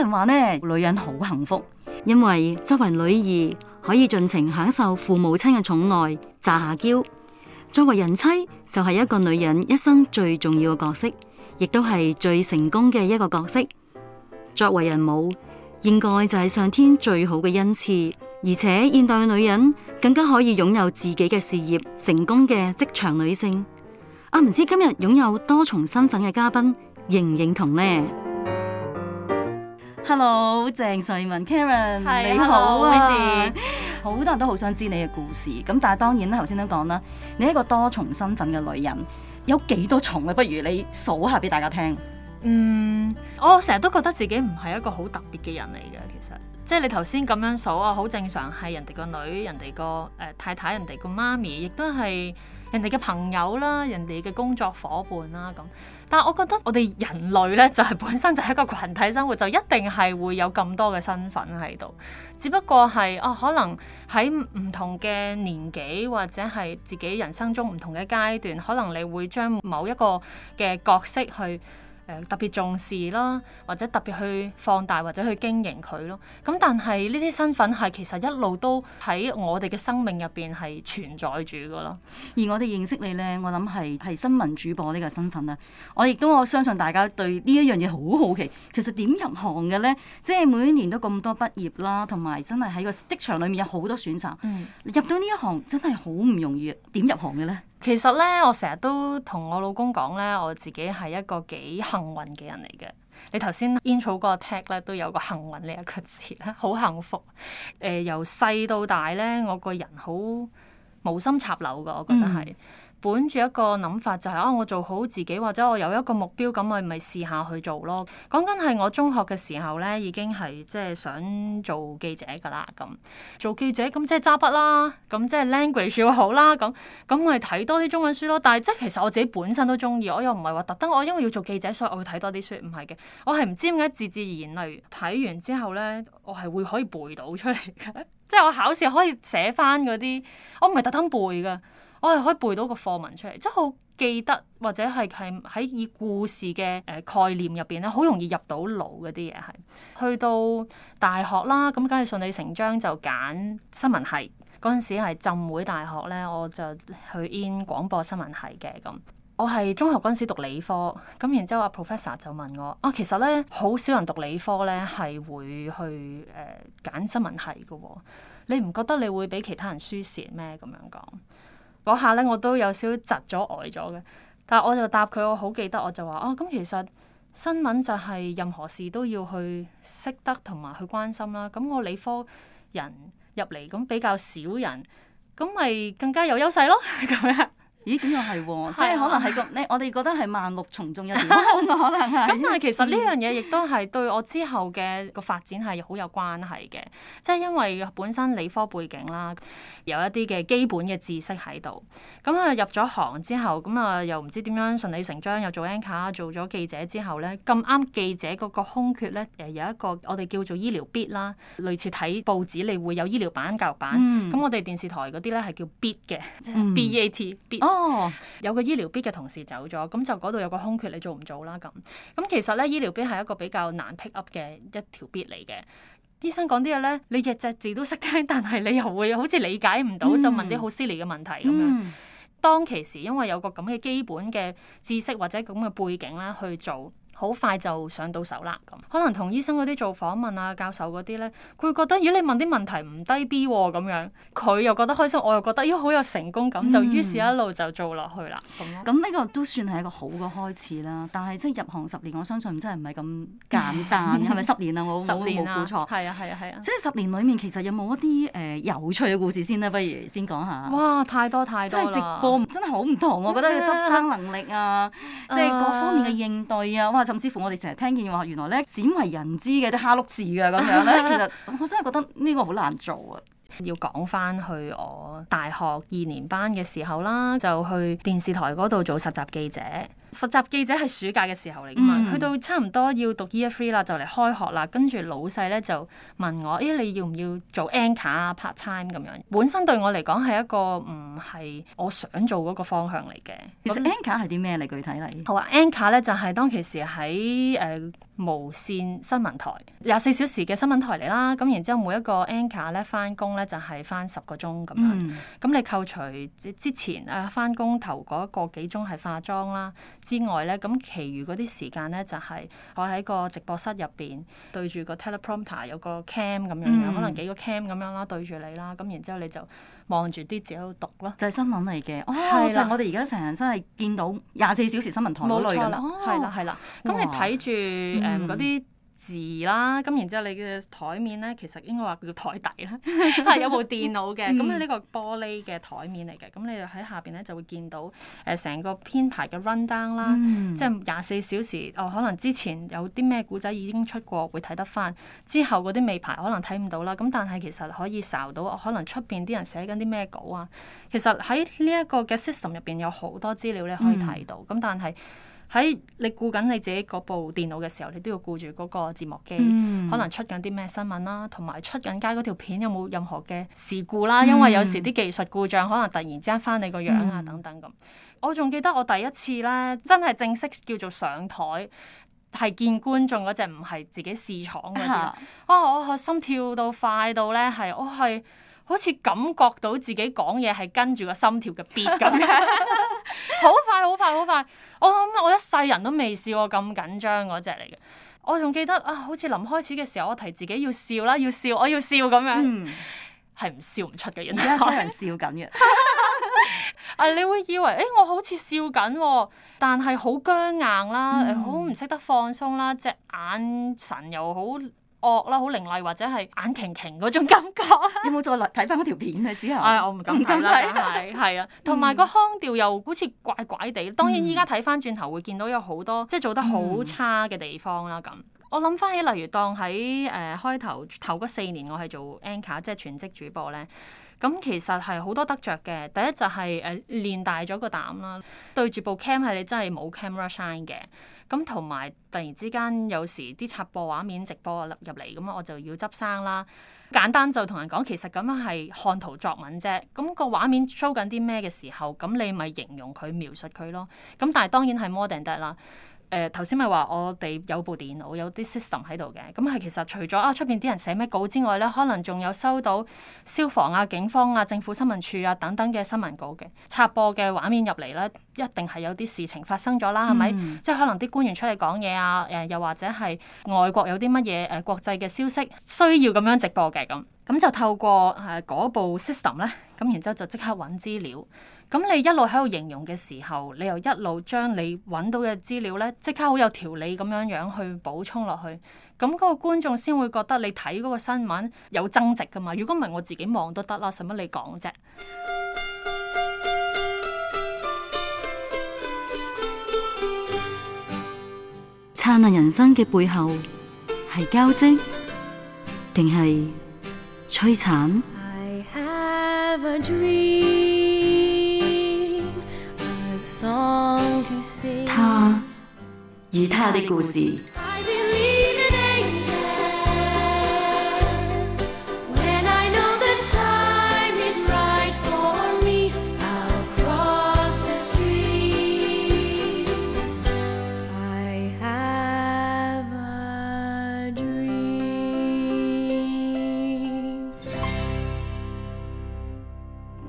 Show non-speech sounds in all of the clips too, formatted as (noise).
人話咧，女人好幸福，因為作為女兒可以盡情享受父母親嘅寵愛，炸下嬌；作為人妻就係、是、一個女人一生最重要嘅角色，亦都係最成功嘅一個角色。作為人母，應該就係上天最好嘅恩賜，而且現代嘅女人更加可以擁有自己嘅事業，成功嘅職場女性。啊，唔知今日擁有多重身份嘅嘉賓認唔認同呢？Hello，鄭世文，Karen 的你好啊！好 how (laughs) 多人都好想知你嘅故事，咁但係當然啦，頭先都講啦，你一個多重身份嘅女人，有幾多重啊？不如你數下俾大家聽。嗯，我成日都覺得自己唔係一個好特別嘅人嚟嘅，其實，即係你頭先咁樣數啊，好正常，係人哋個女，人哋個誒太太，人哋個媽咪，亦都係。人哋嘅朋友啦，人哋嘅工作夥伴啦咁，但係我覺得我哋人類呢，就係、是、本身就係一個群體生活，就一定係會有咁多嘅身份喺度，只不過係哦、啊，可能喺唔同嘅年紀或者係自己人生中唔同嘅階段，可能你會將某一個嘅角色去特別重視啦，或者特別去放大或者去經營佢咯。咁但係呢啲身份係其實一路都喺我哋嘅生命入邊係存在住㗎咯。而我哋認識你呢，我諗係係新聞主播呢個身份啦。我亦都我相信大家對呢一樣嘢好好奇。其實點入行嘅呢？即係每一年都咁多畢業啦，同埋真係喺個職場裡面有好多選擇。嗯，入到呢一行真係好唔容易啊！點入行嘅呢？其實咧，我成日都同我老公講咧，我自己係一個幾幸運嘅人嚟嘅。你頭先煙草個 tag 咧都有個幸運呢一個字啦，好幸福。誒、呃，由細到大咧，我個人好無心插柳噶，我覺得係。嗯本住一個諗法就係、是、啊，我做好自己或者我有一個目標咁，我咪試下去做咯。講緊係我中學嘅時候咧，已經係即係想做記者噶啦。咁做記者咁即係揸筆啦，咁即係 language 要好啦。咁咁我係睇多啲中文書咯。但係即係其實我自己本身都中意，我又唔係話特登。我因為要做記者，所以我會睇多啲書。唔係嘅，我係唔知點解自自然然嚟睇完之後咧，我係會可以背到出嚟嘅。 (laughs) 即係我考試可以寫翻嗰啲，我唔係特登背噶。我係可以背到個課文出嚟，即係好記得，或者係係喺以故事嘅誒概念入邊咧，好容易入到腦嗰啲嘢係。去到大學啦，咁梗係順理成章就揀新聞系。嗰陣時係浸會大學咧，我就去 in 廣播新聞系嘅咁。我係中學嗰陣時讀理科，咁然之後阿 professor 就問我，啊，其實咧好少人讀理科咧係會去誒揀、呃、新聞系嘅，你唔覺得你會俾其他人輸蝕咩？咁樣講。嗰下咧，我都有少窒咗呆咗嘅，但係我就答佢，我好記得，我就話哦，咁其實新聞就係任何事都要去識得同埋去關心啦。咁我理科人入嚟，咁比較少人，咁咪更加有優勢咯，咁樣。咦？點又係喎？ (laughs) 即係可能係個咧，我哋覺得係萬綠叢中一點，可能係。咁 (laughs) 但係其實呢樣嘢亦都係對我之後嘅個發展係好有關係嘅，即係因為本身理科背景啦，有一啲嘅基本嘅知識喺度。咁啊入咗行之後，咁啊又唔知點樣順理成章又做 anchor，做咗記者之後咧，咁啱記者嗰個空缺咧，誒有一個我哋叫做醫療 bit 啦，類似睇報紙你會有醫療版、教育版，咁、嗯、我哋電視台嗰啲咧係叫 bit 嘅、嗯、b a t、beat. 哦，oh，有個醫療 B 嘅同事走咗，咁就嗰度有個空缺，你做唔做啦？咁咁其實咧，醫療 B 係一個比較難 pick up 嘅一條 B 嚟嘅。醫生講啲嘢咧，你日隻字都識聽，但係你又會好似理解唔到，嗯、就問啲好 silly 嘅問題咁樣。嗯、當其時，因為有個咁嘅基本嘅知識或者咁嘅背景啦，去做。好快就上到手啦，咁，可能同醫生嗰啲做訪問啊，教授嗰啲咧，佢會覺得咦、呃、你問啲問題唔低 B 喎、哦、咁樣，佢又覺得開心，我又覺得咦好、呃、有成功感，嗯、就於是一路就做落去啦。咁咁呢個都算係一個好嘅開始啦。但係即係入行十年，我相信真係唔係咁簡單，係咪 (laughs) 十， (laughs) 十年啊？我冇估錯。啊啊啊、即十年啊！係啊係啊係啊即係十年裏面，其實有冇一啲誒、呃、有趣嘅故事先咧？不如先講下。哇！太多太多啦。即係直播真、啊，真係好唔同。我覺得嘅執生能力啊，呃、即係各方面嘅應對啊，甚至乎我哋成日聽見話，原來咧鮮為人知嘅啲蝦碌字啊，咁樣咧， (laughs) 其實我真係覺得呢個好難做啊！要講返去我大學二年班嘅時候啦，就去電視台嗰度做實習記者。實習記者係暑假嘅時候嚟噶嘛？Mm hmm. 去到差唔多要讀 Year Three 啦，就嚟開學啦。跟住老細咧就問我：咦、哎，你要唔要做 Anchor 啊？Part time 咁樣，本身對我嚟講係一個唔係我想做嗰個方向嚟嘅。其實 Anchor 係啲咩嚟？具體嚟？好啊，Anchor 咧就係當其時喺誒、呃、無線新聞台廿四小時嘅新聞台嚟啦。咁然之後每一個 Anchor 咧翻工咧就係翻十個鐘咁樣。咁、mm hmm. 你扣除之前誒翻工頭嗰個幾鐘係化妝啦，之外咧，咁其餘嗰啲時間咧就係、是、我喺個直播室入邊對住個 teleprompter，有個 cam 咁樣樣，嗯、可能幾個 cam 咁樣啦，對住你啦，咁然之後你就望住啲字喺度讀咯，就係新聞嚟嘅。哦、oh, 啦，就係我哋而家成日真係見到廿四小時新聞台嗰類㗎啦，係啦係啦。咁哇你睇住誒嗰啲。Um, 嗯字啦，咁然之後你嘅台面咧，其實應該話叫台底啦，係 (laughs) 有部電腦嘅，咁咧呢個玻璃嘅台面嚟嘅，咁你就喺下邊咧就會見到誒成、呃、個編排嘅 run down 啦，嗯、即係廿四小時哦，可能之前有啲咩古仔已經出過會睇得翻，之後嗰啲未排可能睇唔到啦，咁但係其實可以睄到可能出邊啲人寫緊啲咩稿啊，其實喺呢一個嘅 system 入邊有好多資料你可以睇到，咁但係。嗯喺你顧緊你自己嗰部電腦嘅時候，你都要顧住嗰個字幕機，嗯、可能出緊啲咩新聞啦，同埋出緊街嗰條片有冇任何嘅事故啦？嗯、因為有時啲技術故障，可能突然之間翻你個樣啊，等等咁。嗯、我仲記得我第一次咧，真係正式叫做上台，係見觀眾嗰隻，唔係自己試場嗰啲。啊，我心跳到快到咧，係我係。哦好似感覺到自己講嘢係跟住個心跳嘅 beat 咁樣，好 (laughs) 快好快好快！我諗我一世人都未試過咁緊張嗰隻嚟嘅。我仲記得啊，好似臨開始嘅時候，我提自己要笑啦，要笑，我要笑咁樣，係唔、嗯、笑唔出嘅。人哋可能笑緊嘅，啊 (laughs) (laughs) 你會以為誒、欸、我好似笑緊、啊，但係好僵硬啦，好唔識得放鬆啦，隻眼神又好。惡啦，好凌厲，或者係眼瓊瓊嗰種感覺。有冇再睇翻嗰條片啊？之後，係、哎、我唔敢睇啦，係啊，同埋個腔調又好似怪怪地。嗯、當然，依家睇翻轉頭會見到有好多即係、就是、做得好差嘅地方啦。咁我諗翻起，例如當喺誒、呃、開頭頭嗰四年，我係做 anchor 即係全職主播咧，咁其實係好多得着嘅。第一就係誒練大咗個膽啦，嗯、對住部 cam 係你真係冇 camera shine 嘅。咁同埋突然之間，有時啲插播畫面直播入嚟，咁我就要執生啦。簡單就同人講，其實咁樣係看圖作文啫。咁個畫面 show 緊啲咩嘅時候，咁你咪形容佢、描述佢咯。咁但係當然係 more than that 啦。誒頭先咪話我哋有部電腦有啲 system 喺度嘅，咁係其實除咗啊出邊啲人寫咩稿之外咧，可能仲有收到消防啊、警方啊、政府新聞處啊等等嘅新聞稿嘅插播嘅畫面入嚟咧，一定係有啲事情發生咗啦，係咪、嗯？即係可能啲官員出嚟講嘢啊，誒又或者係外國有啲乜嘢誒國際嘅消息需要咁樣直播嘅咁，咁就透過誒嗰、呃、部 system 咧，咁然之後就即刻揾資料。咁你一路喺度形容嘅時候，你又一路將你揾到嘅資料呢，即刻好有條理咁樣樣去補充落去，咁嗰個觀眾先會覺得你睇嗰個新聞有增值噶嘛？如果唔係，我自己望都得啦，使乜你講啫？燦爛人生嘅背後係交織，定係摧殘。他與她的故事。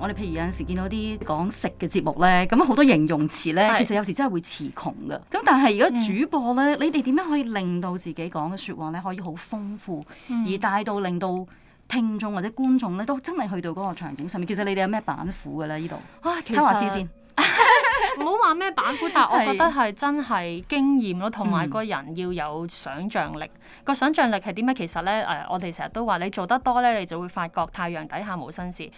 我哋譬如有陣時見到啲講食嘅節目咧，咁好多形容詞咧，是其實有時真係會詞窮噶。咁但係如果主播咧，嗯、你哋點樣可以令到自己講嘅説話咧，可以好豐富，嗯、而帶到令到聽眾或者觀眾咧都真係去到嗰個場景上面？其實你哋有咩板斧噶咧？呢度啊，規劃先唔好話咩板斧， (laughs) 但係我覺得係真係經驗咯，同埋個人要有想像力。嗯、個想像力係點咧？其實咧，誒，我哋成日都話你做得多咧，你就會發覺太陽底下無新事。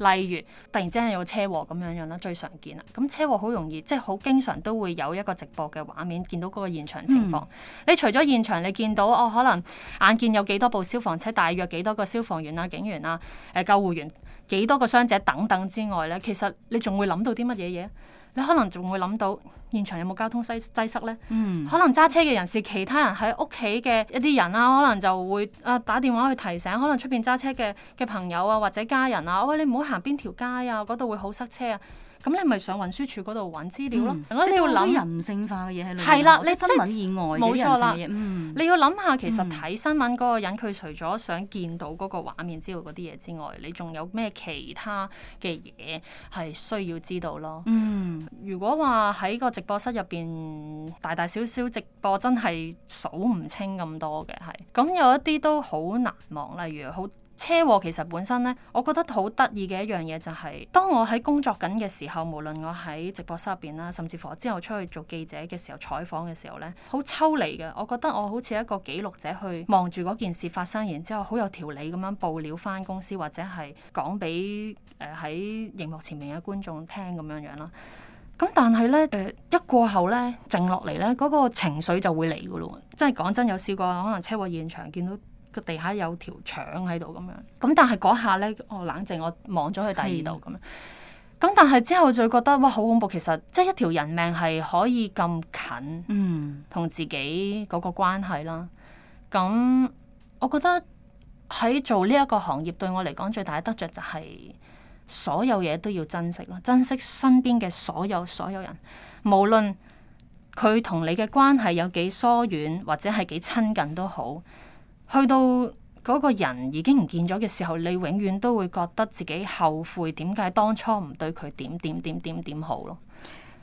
例如突然之間有車禍咁樣樣啦，最常見啦。咁車禍好容易，即係好經常都會有一個直播嘅畫面，見到嗰個現場情況。嗯、你除咗現場你見到，哦可能眼見有幾多部消防車，大約幾多個消防員啊、警員啊、誒、呃、救護員，幾多個傷者等等之外咧，其實你仲會諗到啲乜嘢嘢？你可能仲會諗到現場有冇交通擠擠塞呢？嗯、可能揸車嘅人士，其他人喺屋企嘅一啲人啊，可能就會啊打電話去提醒，可能出邊揸車嘅嘅朋友啊或者家人啊，喂、哎、你唔好行邊條街啊，嗰度會好塞車啊！咁你咪上運輸署嗰度揾資料咯，即、嗯、你要諗、嗯、人性化嘅嘢喺裏你新聞以外冇錯啦嗯，你要諗下其實睇新聞嗰個人佢除咗想見到嗰個畫面之外嗰啲嘢之外，你仲有咩其他嘅嘢係需要知道咯？嗯，如果話喺個直播室入邊大大小小直播真係數唔清咁多嘅，係咁有一啲都好難忘，例如好。車禍其實本身咧，我覺得好得意嘅一樣嘢就係，當我喺工作緊嘅時候，無論我喺直播室入邊啦，甚至乎之後出去做記者嘅時候採訪嘅時候咧，好抽離嘅。我覺得我好似一個記錄者去望住嗰件事發生，然之後好有條理咁樣報料翻公司，或者係講俾誒喺熒幕前面嘅觀眾聽咁樣樣啦。咁但係咧，誒一過後咧，靜落嚟咧，嗰個情緒就會嚟噶咯。即係講真，有試過可能車禍現場見到。個地下有條腸喺度，咁樣咁，但係嗰下咧，我冷靜，我望咗去第二度咁樣。咁但係之後就覺得哇，好恐怖。其實即係一條人命係可以咁近，嗯，同自己嗰個關係啦。咁我覺得喺做呢一個行業，對我嚟講最大得着就係所有嘢都要珍惜咯，珍惜身邊嘅所有所有人，無論佢同你嘅關係有幾疏遠或者係幾親近都好。去到嗰個人已經唔見咗嘅時候，你永遠都會覺得自己後悔點解當初唔對佢點點點點點好咯。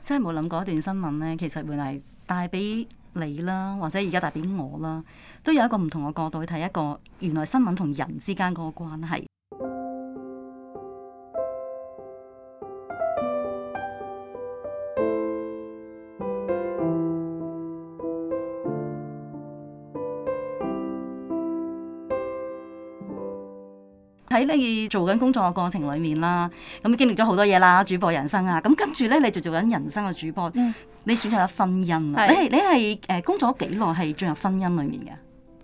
即係冇諗過一段新聞呢，其實原來帶俾你啦，或者而家帶俾我啦，都有一個唔同嘅角度去睇一個原來新聞同人之間嗰個關係。喺你做緊工作嘅過程裏面啦，咁經歷咗好多嘢啦，主播人生啊，咁跟住咧，你就做做緊人生嘅主播，嗯、你選擇咗婚姻啊是？你係你係誒，工作咗幾耐係進入婚姻裏面嘅？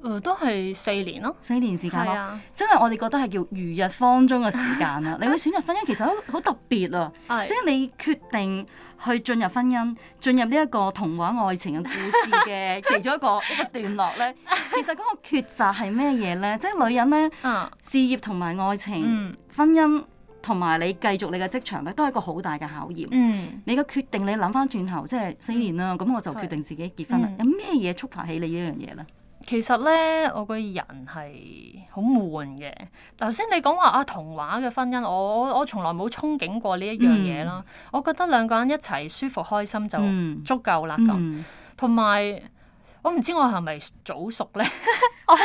誒，都係四年咯，四年時間咯，啊、真係我哋覺得係叫如日方中嘅時間啦、啊。你會選擇婚姻，其實都好特別啊， (laughs) 是即係你決定去進入婚姻，進入呢一個童話愛情嘅故事嘅其中一個一個段落咧。其 (laughs) 實嗰個抉擇係咩嘢咧？即係女人咧，嗯、事業同埋愛情、嗯、婚姻同埋你繼續你嘅職場咧，都係一個好大嘅考驗。嗯、你嘅決定，你諗翻轉頭，即係四年啦，咁、嗯、我就決定自己結婚啦。是嗯、有咩嘢觸發起你呢樣嘢咧？其實咧，我個人係好悶嘅。頭先你講話啊，童話嘅婚姻，我我從來冇憧憬過呢一樣嘢啦。嗯、我覺得兩個人一齊舒服開心就足夠啦咁。同埋、嗯，我唔知我係咪早熟咧 (laughs) 我？ (laughs) 我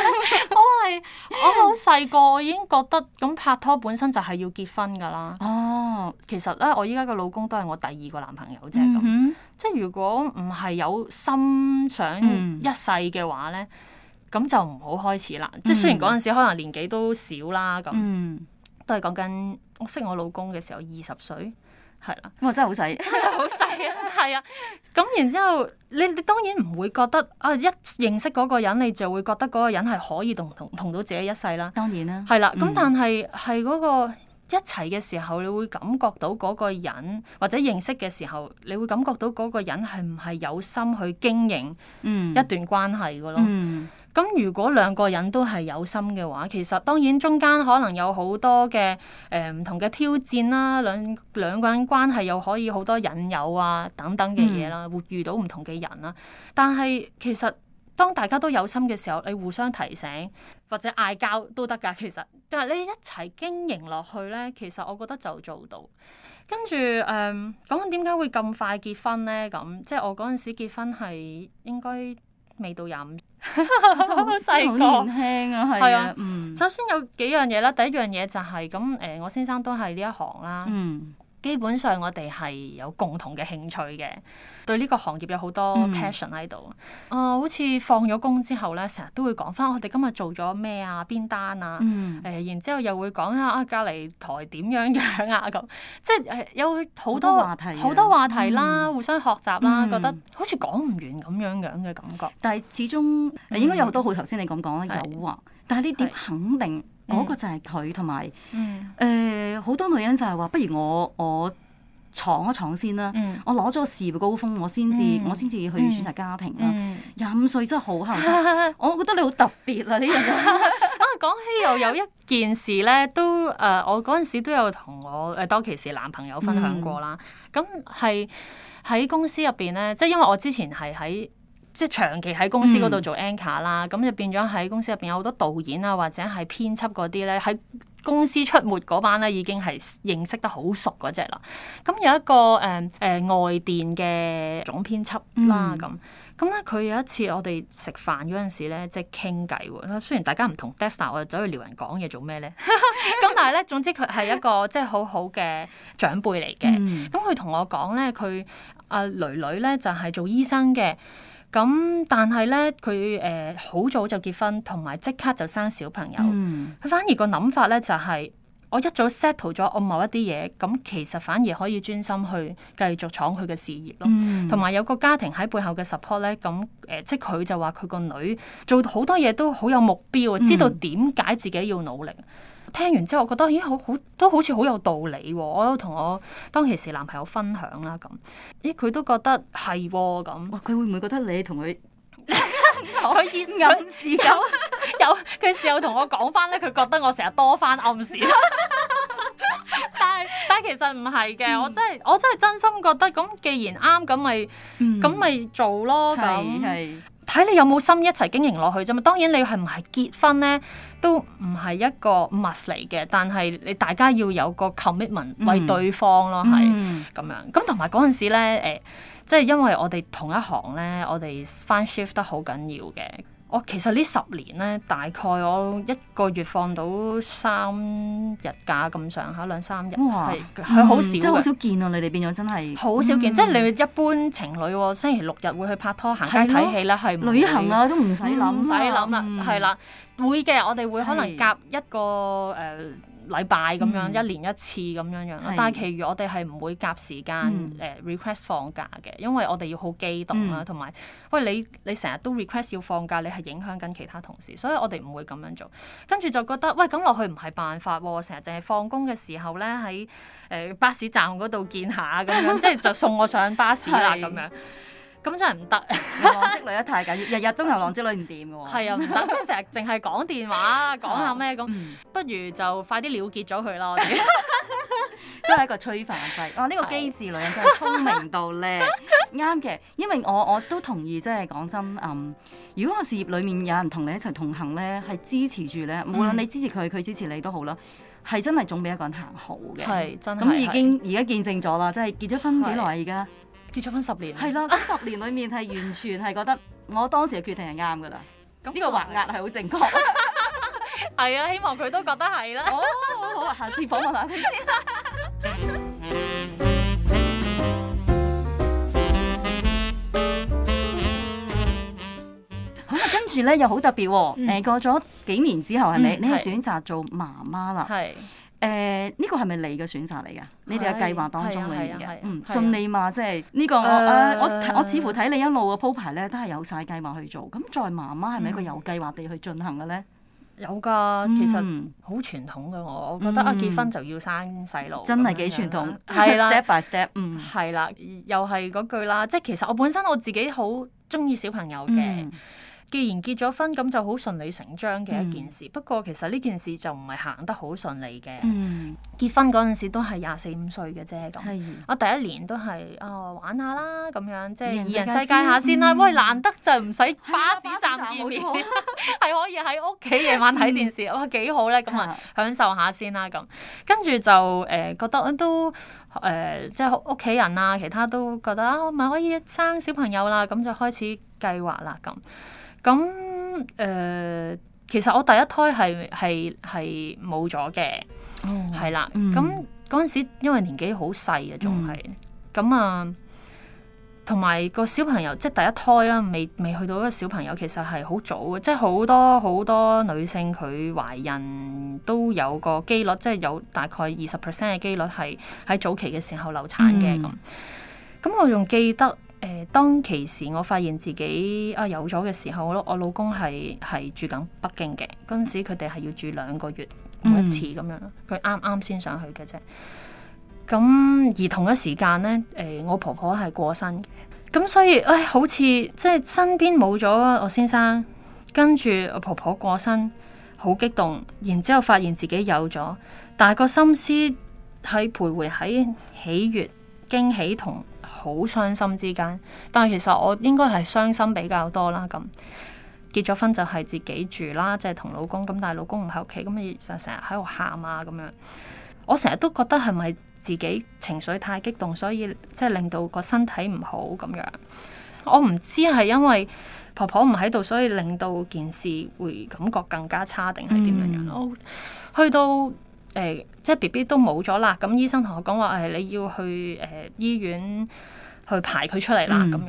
我係我好細個，我已經覺得咁拍拖本身就係要結婚噶啦。嗯、哦，其實咧，我依家個老公都係我第二個男朋友啫。咁、嗯、哼即係如果唔係有心想一世嘅話咧？嗯嗯咁就唔好開始啦，即係雖然嗰陣時可能年紀都少啦，咁、嗯、都係講緊我識我老公嘅時候二十歲，係啦，咁啊真係好細，真係好細啊，係 (laughs) 啊，咁然之後你你當然唔會覺得啊一認識嗰個人，你就會覺得嗰個人係可以同同同到自己一世啦，當然、啊、啦，係啦，咁但係係嗰個一齊嘅時候，你會感覺到嗰個人或者認識嘅時候，你會感覺到嗰個人係唔係有心去經營一段關係㗎咯？咁、嗯嗯、如果兩個人都係有心嘅話，其實當然中間可能有好多嘅誒唔同嘅挑戰啦，兩兩個人關係又可以好多引誘啊等等嘅嘢啦，會、嗯、遇到唔同嘅人啦。但係其實當大家都有心嘅時候，你互相提醒。或者嗌交都得㗎，其實但係你一齊經營落去咧，其實我覺得就做到。跟住誒，講緊點解會咁快結婚咧？咁即係我嗰陣時結婚係應該未到廿五，好細好年輕啊，係啊，啊嗯，首先有幾樣嘢啦，第一樣嘢就係咁誒，我先生都係呢一行啦。嗯。基本上我哋係有共同嘅興趣嘅，對呢個行業有好多 passion 喺度。啊，好似放咗工之後咧，成日都會講返我哋今日做咗咩啊，邊單啊，誒，然之後又會講下啊，隔離台點樣樣啊，咁即係有好多話題，好多話題啦，互相學習啦，覺得好似講唔完咁樣樣嘅感覺。但係始終應該有好多好頭先你咁講啦，有啊，但係呢點肯定？嗰、嗯、個就係佢，同埋誒好多女人就係話，不如我我闖一闖先啦，我攞咗個事業高峰，我先至、嗯、我先至去選擇家庭啦。廿五、嗯嗯、歲真係好後生， (laughs) 我覺得你好特別啦呢樣嘢。 (laughs) (laughs) 啊，講起又有一件事咧，都誒、呃，我嗰陣時都有同我當、呃、其時男朋友分享過啦。咁係喺公司入邊咧，即係因為我之前係喺。即係長期喺公司嗰度做 anchor 啦、嗯，咁就變咗喺公司入邊有好多導演啊，或者係編輯嗰啲咧，喺公司出沒嗰班咧已經係認識得好熟嗰隻啦。咁有一個誒誒、呃呃、外電嘅總編輯啦，咁咁咧佢有一次我哋食飯嗰陣時咧，即係傾偈喎。雖然大家唔同 desk，我哋走去撩人講嘢做咩咧？咁 (laughs) 但係咧，總之佢係一個即係好好嘅長輩嚟嘅。咁佢同我講咧，佢阿囡囡咧就係做醫生嘅。咁但係咧，佢誒好早就結婚，同埋即刻就生小朋友。佢、嗯、反而個諗法咧就係、是，我一早 set 好咗我某一啲嘢，咁其實反而可以專心去繼續闖佢嘅事業咯。同埋、嗯、有個家庭喺背後嘅 support 咧，咁誒、呃、即係佢就話佢個女做好多嘢都好有目標，知道點解自己要努力。嗯嗯聽完之後，我覺得咦好好都好似好有道理、哦，我都同我當其時男朋友分享啦咁，咦佢都覺得係咁，佢、嗯哦、會唔會覺得你同佢佢暗示有有，佢事後同我講翻咧，佢覺得我成日多翻暗示，但係但係其實唔係嘅，我真係我真係真心覺得，咁既然啱咁咪咁咪做咯咁。嗯咁睇你有冇心一齊經營落去啫嘛，當然你係唔係結婚咧都唔係一個 must 嚟嘅，但係你大家要有個 commitment 為對方咯，係咁、mm hmm。樣。咁同埋嗰陣時咧，誒、呃，即係因為我哋同一行咧，我哋返 shift 得好緊要嘅。我其實呢十年咧，大概我一個月放到三日假咁上下，兩三日係係好少嘅，真係好少見啊！你哋變咗真係好少見。嗯、即係你一般情侶喎、哦，星期六日會去拍拖行街睇戲啦，係的旅行啊都唔使諗，唔使諗啦，係啦，會嘅、嗯，我哋會可能夾一個誒。的禮拜咁樣，嗯、一年一次咁樣樣啦，但係其餘我哋係唔會夾時間誒 request 放假嘅。嗯、因為我哋要好機動啦，同埋、嗯、喂，你你成日都 request 要放假，你係影響緊其他同事，所以我哋唔會咁樣做。跟住就覺得喂，咁落去唔係辦法喎，成日淨係放工嘅時候咧喺誒巴士站嗰度見下咁樣，即係 (laughs) 就送我上巴士啦咁、 (laughs) 啊、樣。咁真係唔得，牛郎織女得太緊要，日日都牛郎織女唔掂嘅喎。係啊，唔得，即係成日淨係講電話，講下咩咁，不如就快啲了結咗佢咯。真係一個催化劑。哇，呢個機智女人真係聰明到叻，啱嘅。因為我我都同意，即係講真，嗯，如果個事業裡面有人同你一齊同行咧，係支持住咧，無論你支持佢，佢支持你都好啦，係真係總比一個人行好嘅。係，真。咁已經而家見證咗啦，即係結咗婚幾耐而家？結咗婚十年，係啦，呢十年裡面係完全係覺得，我當時嘅決定係啱噶啦。咁呢個橫額係好正確，係啊，希望佢都覺得係啦。 (laughs) oh, 好好，下次訪問下佢先啦。 (laughs) 好啊，跟住咧又好特別喎。誒過咗幾年之後係咪、嗯？你又選擇做媽媽啦？係。誒呢、uh, 個係咪你嘅選擇嚟㗎？啊、你哋嘅計劃當中裏面嘅，啊啊啊啊、嗯，順利嘛？即係呢個、uh, uh, 我我我似乎睇你一路嘅鋪排咧，都係有晒計劃去做。咁在媽媽係咪一個有計劃地去進行嘅咧？有噶的，嗯、其實好傳統嘅我，我覺得啊結婚就要生細路、嗯，真係幾傳統。係啦、啊，step by step，嗯係啦、啊，又係嗰句啦，即係其實我本身我自己好鍾意小朋友嘅。嗯既然結咗婚，咁就好順理成章嘅一件事。嗯、不過其實呢件事就唔係行得好順利嘅。嗯、結婚嗰陣時都係廿四五歲嘅啫。咁的我第一年都係啊、哦、玩下啦，咁樣即係二人世界下先啦。喂，嗯、難得就唔使巴士站見，係 (laughs) (laughs) 可以喺屋企夜晚睇電視。哇、嗯，幾好咧！咁啊，享受下先啦。咁跟住就誒、呃、覺得都誒、呃呃、即係屋企人啊，其他，人人其他都覺得啊，咪、啊、可以生小朋友啦。咁就開始計劃啦。咁咁誒、呃，其實我第一胎係係係冇咗嘅，係啦。咁嗰陣時因為年紀好細啊，仲係咁啊，同埋個小朋友即係第一胎啦，未未去到嘅小朋友其實係好早嘅，即係好多好多女性佢懷孕都有個機率，即係有大概二十 percent 嘅機率係喺早期嘅時候流產嘅咁。咁、嗯、我仲記得。誒、呃，當其時我發現自己啊有咗嘅時候，我老公係係住緊北京嘅，嗰陣時佢哋係要住兩個月每一次咁樣，佢啱啱先上去嘅啫。咁而同一時間呢，誒、呃、我婆婆係過身嘅，咁所以誒、哎、好似即係身邊冇咗我先生，跟住我婆婆過身，好激動，然之後發現自己有咗，但係個心思係徘徊喺喜悅、驚喜同。好傷心之間，但係其實我應該係傷心比較多啦。咁結咗婚就係自己住啦，即係同老公咁，但係老公唔喺屋企，咁就成日喺度喊啊咁樣。我成日都覺得係咪自己情緒太激動，所以即係令到個身體唔好咁樣。我唔知係因為婆婆唔喺度，所以令到件事會感覺更加差，定係點樣樣咯？嗯 oh, 去到誒。欸即 B B 都冇咗啦，咁醫生同我講話，誒，你要去誒醫院去排佢出嚟啦。咁樣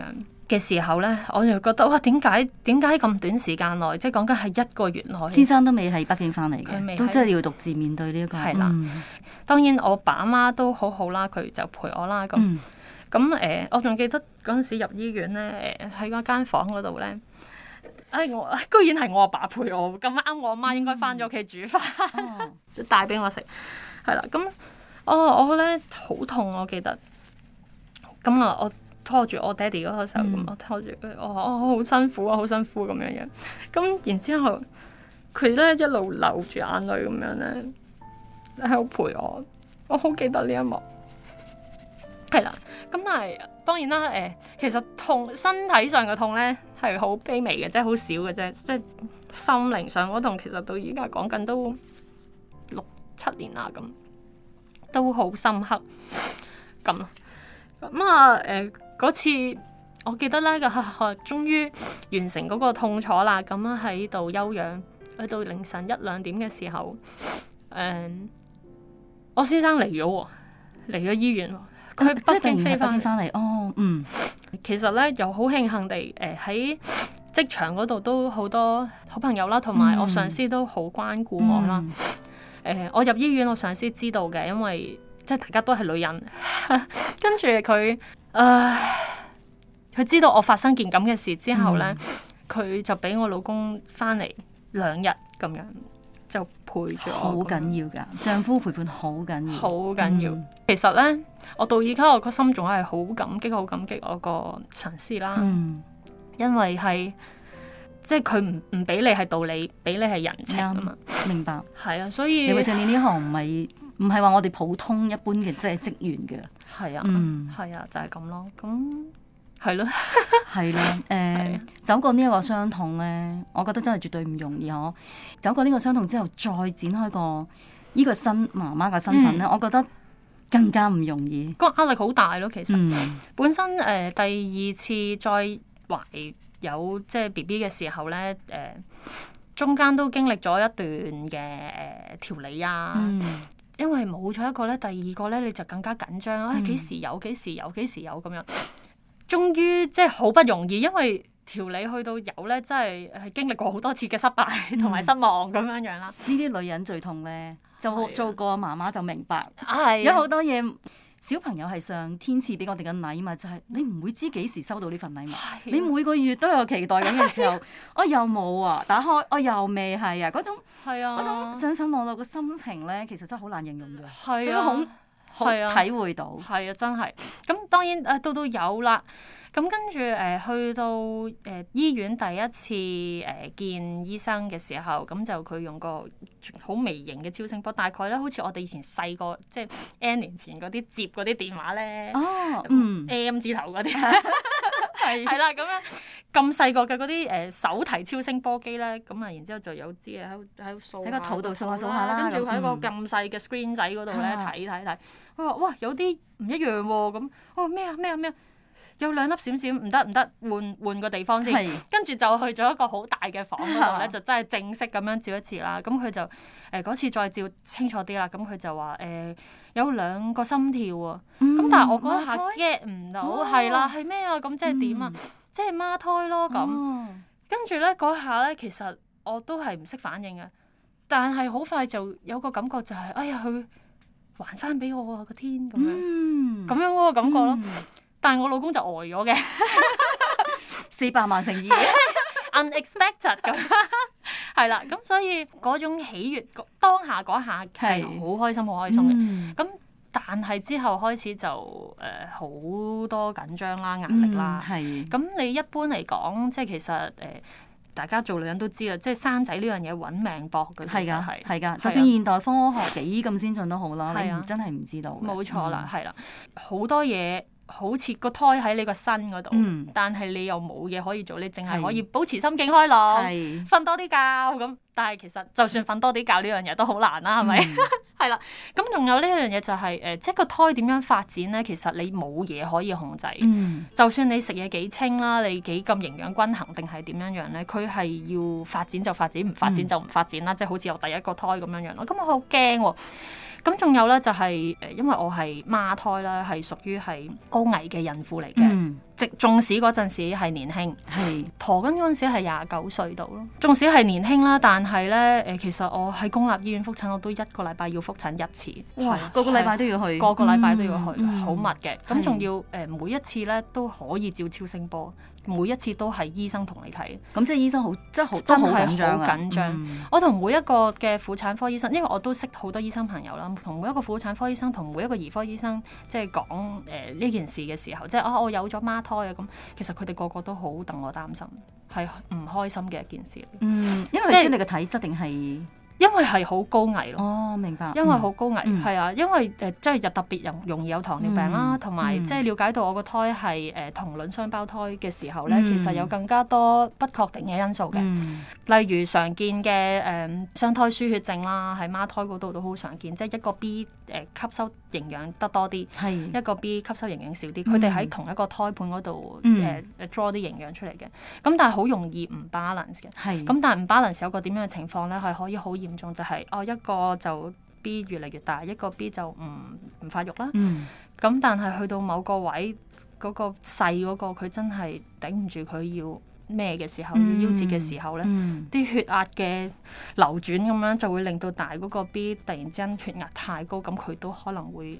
嘅時候咧，我就覺得，哇，點解點解咁短時間內，即係講緊係一個月內？先生都未喺北京翻嚟嘅，佢都真係要獨自面對呢一個。係啦，當然我爸阿媽都好好啦，佢就陪我啦。咁咁誒，我仲記得嗰陣時入醫院咧，誒，喺個間房嗰度咧，誒，我居然係我阿爸陪我，咁啱我阿媽應該翻咗屋企煮飯，帶俾我食。係啦，咁、哦、我我咧好痛，我記得咁啊，我拖住我爹哋嗰個手，嗯、我拖住佢，我、哦、好、哦、辛苦啊，好辛苦咁樣樣。咁然之後佢咧一路流住眼淚咁樣咧喺度陪我，我好記得呢一幕。係啦，咁但係當然啦，誒、呃，其實痛身體上嘅痛咧係好卑微嘅，即係好少嘅啫，即係心靈上嗰痛，其實到而家講緊都。七年啊，咁都好深刻咁。咁啊，誒，嗰次我記得咧，個終於完成嗰個痛楚啦，咁啊喺度休養，去到凌晨一兩點嘅時候，誒，我先生嚟咗，嚟咗醫院，佢北京飛翻翻嚟。哦，嗯，其實咧又好慶幸地，誒喺職場嗰度都好多好朋友啦，同埋我上司都好關顧我啦。嗯嗯嗯誒、呃，我入醫院，我上司知道嘅，因為即係大家都係女人， (laughs) 跟住佢，佢、呃、知道我發生件咁嘅事之後咧，佢、嗯、就俾我老公翻嚟兩日咁樣，就陪住我。好緊要㗎，丈夫陪伴好緊要，好緊、嗯、要。嗯、其實咧，我到而家我個心仲係好感激，好感激我個上司啦，嗯、因為係。即係佢唔唔俾你係道理，俾你係人情啊嘛、嗯，明白？係 (laughs) 啊，所以你話做呢行唔係唔係話我哋普通一般嘅即係職員嘅，係啊，嗯，係啊，就係、是、咁咯，咁係咯，係 (laughs) 咯，誒、呃，啊、走過呢一個傷痛咧，我覺得真係絕對唔容易，我走過呢個傷痛之後，再展開個呢個新媽媽嘅身份咧，嗯、我覺得更加唔容易，個壓力好大咯。其實、嗯、本身誒、呃、第二次再懷。有即係 B B 嘅時候咧，誒中間都經歷咗一段嘅誒調理啊，嗯、因為冇咗一個咧，第二個咧你就更加緊張啊！嗯哎、幾時有幾時有幾時有咁樣，終於即係好不容易，因為調理去到有咧，真係係經歷過好多次嘅失敗同埋、嗯、失望咁樣樣啦。呢啲女人最痛咧，做做過媽媽就明白，啊啊、有好多嘢。小朋友係上天賜俾我哋嘅禮物，就係、係、你唔會知幾時收到呢份禮物，啊、你每個月都有期待嗰陣時候，啊 (laughs) 又冇啊，打開我又未係啊，嗰種嗰、啊、種上上落落嘅心情咧，其實真係好難形容嘅，即係好體會到，係啊，啊真係。咁當然誒，到、啊、到有啦。咁跟住誒去到誒醫院第一次誒見醫生嘅時候，咁就佢用個好微型嘅超聲波，大概咧好似我哋以前細個即係 N 年前嗰啲接嗰啲電話咧，哦，M 字頭嗰啲，係係啦，咁樣咁細個嘅嗰啲誒手提超聲波機咧，咁啊，然之後就有支嘢喺喺個肚度掃下掃下啦，跟住喺個咁細嘅 screen 仔嗰度咧睇睇睇，我話哇有啲唔一樣喎，咁我咩啊咩啊咩啊！有兩粒閃閃，唔得唔得，換換個地方先，跟住就去咗一個好大嘅房度咧，就真係正式咁樣照一次啦。咁佢就誒嗰次再照清楚啲啦。咁佢就話誒有兩個心跳啊。咁但係我嗰下 get 唔到，係啦，係咩啊？咁即係點啊？即係孖胎咯咁。跟住咧嗰下咧，其實我都係唔識反應嘅，但係好快就有個感覺就係，哎呀佢還翻俾我啊個天咁樣，咁樣嗰個感覺咯。但係我老公就呆咗嘅，四百萬乘二，unexpected 咁，係啦 (laughs) x pected。 (laughs) 咁所以嗰種喜悅，當下嗰下係好開心、好開心嘅。咁、嗯、但係之後開始就誒好、呃、多緊張啦、壓力啦。係。咁你一般嚟講，即係其實誒，大家做女人都知啊，即係生仔呢樣嘢揾命搏嘅。係㗎，係㗎。就算現代科學幾咁先進都好啦，的你真係唔知道。冇錯啦，係啦、嗯，好多嘢。好似個胎喺你個身嗰度，嗯、但係你又冇嘢可以做，你淨係可以保持心境開朗，瞓、嗯、多啲覺咁。但係其實就算瞓多啲覺呢樣嘢都好難啦，係咪？係啦、嗯，咁仲 (laughs) 有呢一樣嘢就係、是、誒、呃，即係個胎點樣發展咧？其實你冇嘢可以控制。嗯、就算你食嘢幾清啦，你幾咁營養均衡定係點樣樣咧，佢係要發展就發展，唔發展就唔發展啦。即係、嗯、好似我第一個胎咁樣樣咯。咁我好驚喎。咁仲有咧就係誒，因為我係孖胎啦，係屬於係高危嘅孕婦嚟嘅。即、嗯、縱使嗰陣時係年輕，係是陀緊嗰陣時係廿九歲度咯。縱使係年輕啦，但係咧誒，其實我喺公立醫院覆診，我都一個禮拜要覆診一次。哇，個是個禮拜都要去，個、嗯、個禮拜都要去，好、嗯、密嘅。咁仲要誒，是每一次咧都可以照超聲波。每一次都係醫生同你睇，咁即係醫生好，即係好真係好緊張。緊張，嗯、我同每一個嘅婦產科醫生，因為我都識好多醫生朋友啦，同每一個婦產科醫生同每一個兒科醫生，即係講誒呢件事嘅時候，即係啊我有咗孖胎啊咁，其實佢哋個個都好戥我擔心，係唔開心嘅一件事。嗯，因為知、就是、你嘅體質定係？因為係好高危咯，哦，明白。因為好高危，係啊，因為誒即係又特別容容易有糖尿病啦，同埋即係了解到我個胎係誒同卵雙胞胎嘅時候咧，其實有更加多不確定嘅因素嘅，例如常見嘅誒雙胎輸血症啦，喺孖胎嗰度都好常見，即係一個 B 誒吸收營養得多啲，一個 B 吸收營養少啲，佢哋喺同一個胎盤嗰度誒 draw 啲營養出嚟嘅，咁但係好容易唔 balance 嘅，係，咁但係唔 balance 有個點樣嘅情況咧，係可以好嚴。就係哦，一個就 B 越嚟越大，一個 B 就唔唔發育啦。咁、mm. 但係去到某個位嗰、嗰個細嗰、嗰個佢真係頂唔住，佢要咩嘅時候、mm. 要夭折嘅時候咧，啲、mm. 血壓嘅流轉咁樣就會令到大嗰個 B 突然之間血壓太高，咁佢都可能會